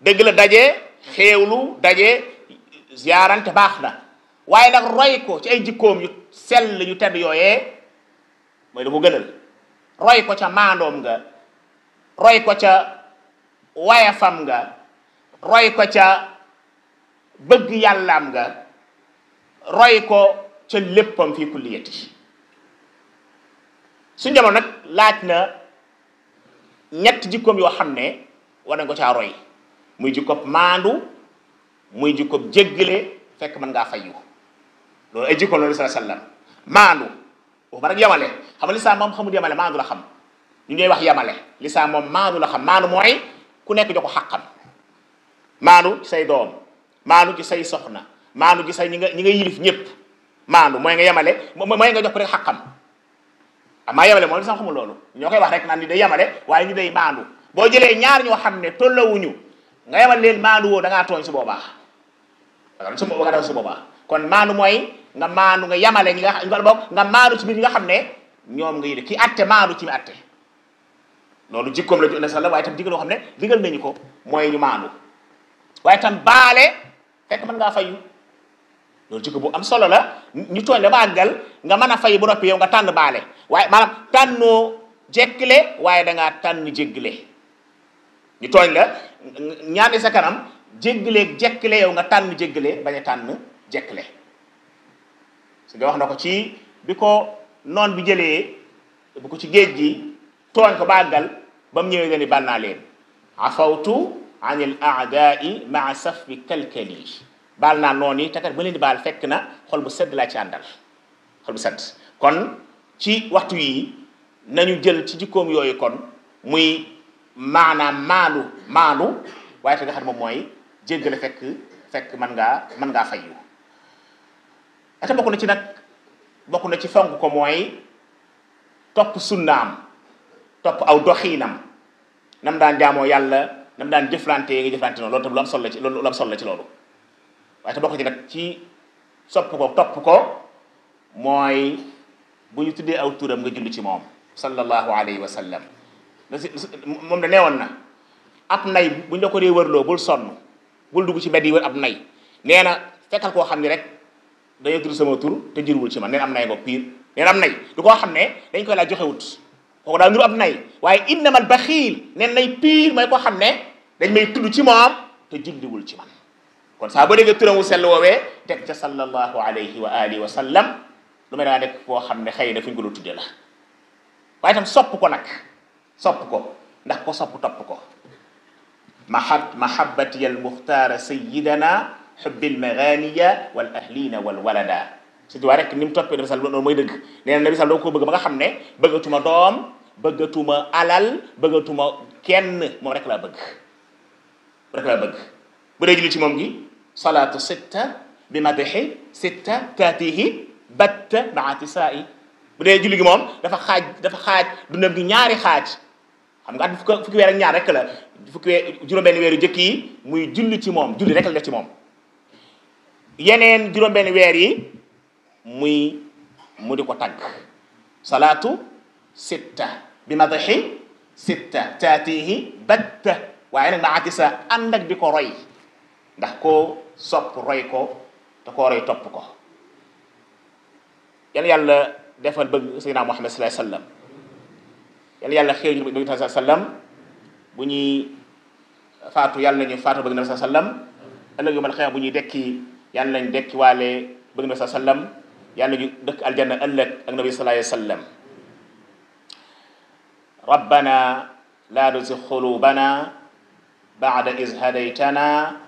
dëgg la daje xéewlu daje ziyaarante baax na waaye nag roy ca ci ay jikkoom yu sell yu tedd yooyee mooy da ko gënal roy ca maandoom nga roy ko ca wayafam nga roy ko ca bëgg yàllaam nga roy ko ca léppam fii kulliyati su nag laaj na ñett jikkoom yoo xam ne war ko caa roy muy jikkob maandu muy jikkob jéggale fekk man ngaa fayyu loolu ay jikko loolu sa sallam maandu wax ba rek xam nga lislaam moom xamul yamale maandu la xam ñu ñooy wax yamale lislaam moom maandu la xam maandu mooy ku nekk jox ko xàqam maandu say doom maandu ji say soxna maandu ci say ñi nga ñi nga yilif ñëpp maandu mooy nga yamale mooy nga jox ko rek xàqam amaa yamale moom lislaam xamul loolu ñoo koy wax rek naan ni day yamale waaye ñu day maandu boo jëlee ñaar ñoo xam ne tollawuñu nga yebal leen maandu woo da ngaa tooñ su boobaa su nga def su boobaa kon maandu mooy nga maandu nga yamale ñi nga nga bokk nga maandu ci biir nga xam ne ñoom nga yëg ki atte maandu ci mi atte loolu jikkoom la ju ne la waaye tam digal loo xam ne digal nañu ko mooy ñu maandu waaye tam baale fekk mën fayu loolu jikko bu am solo la ñu tooñ la baagal nga mën a fay bu noppi yow nga tànn baale waaye maanaam tànnoo jekkile waaye da ngaa tànn jéggile ñu tooñ la ñaane sa kanam jéggaleeg jekkale yow nga tànn jéggale bañ a tànn jekkale su nga wax na ko ci bi ko noon bi jëlee bu ko ci géej gi tooñ ko bàggal ba mu ñëwee dani bànnaa leen a afawtu an il aadai maa saf bi kalkali baal naa noon yi te kat ba leen baal fekk na xol bu sedd laa ci àndal xol bu sedd kon ci waxtu yi nañu jël ci jikkoom yooyu kon muy maanaam maandu maandu waaye te nga xam moom mooy jéggale fekk fekk mën man mën ngaa fayyu ata bokk na ci nag bokk na ci fonk ko mooy topp sunnaam topp aw doxiinam nam daan jaamoo yàlla nam daan jëflante nga jëflante noonu loolu tam lu am solo la ci loolu lu am solo ci loolu waaye te bokk ci nag ci sopp ko topp ko mooy bu ñu tuddee aw turam nga julli ci moom sallallahu alayhi wa sallam da si moom da neewoon na ab nay buñ la ko dee wërloo bul sonn bul dugg ci mbedd yi ab nay nee na fekkal koo xam ne rek dañoo tudd sama tur te jërwul ci man neen am nay bopp piir neen am nay koo xam ne dañ koy laa joxewut kooku daa nuru nay waaye innamal baxiil neen nay piir mooy koo xam ne dañ may tudd ci moom te julliwul ci man kon saa boo déggee turam wu sell woowee teg ca sallallahu alayhi wa alihi wa lu may dangaa koo xam ne xëy na fu ñu ko la sopp ko nag sopp ko ndax ko sopp topp ko maha mahabbati al muxtaara sayidana xubbil maganiya wal ahlina wal walada si tuwaa rek ni mu toppee nabi sal loolu mooy dëgg nee na nabi sal doo ko bëgg ba nga xam ne bëggatuma doom bëggatuma alal bëggatuma kenn moom rek laa bëgg rek laa bëgg bu dee julli ci moom gi salaatu sitta bi madixi sitta taatihi batta maa tisaai bu dee julli gi moom dafa xaaj dafa xaaj dundam gi ñaari xaaj xam nga at fukki fukki weer ak ñaar rek la fukki weer juróom-benn weer yu jëkk yi muy julli ci moom julli rek la def ci moom yeneen juróom-benn weer yi muy mu di ko tagg salaatu sitta bi madaxi sitta taatihi batta waaye nag maa sa ànd ak di ko roy ndax koo sopp roy ko te koo roy topp ko yan yàlla defal bëgg sayyidina Muhammad sallallahu alayhi wa sallam yal yàlla xëy ñu bëgg nabi sallam bu ñuy faatu yàlla nañu faatu bëgg nabi sallam ëllëg yomal xëy bu ñuy dekki yàlla nañ dekki waale bëgg nabi sallam yàlla nañu dëkk aljanna ëllëg ak nabi sallallahu alayhi wa sallam rabbana laa tuzigh qulubana ba'da idh hadaytana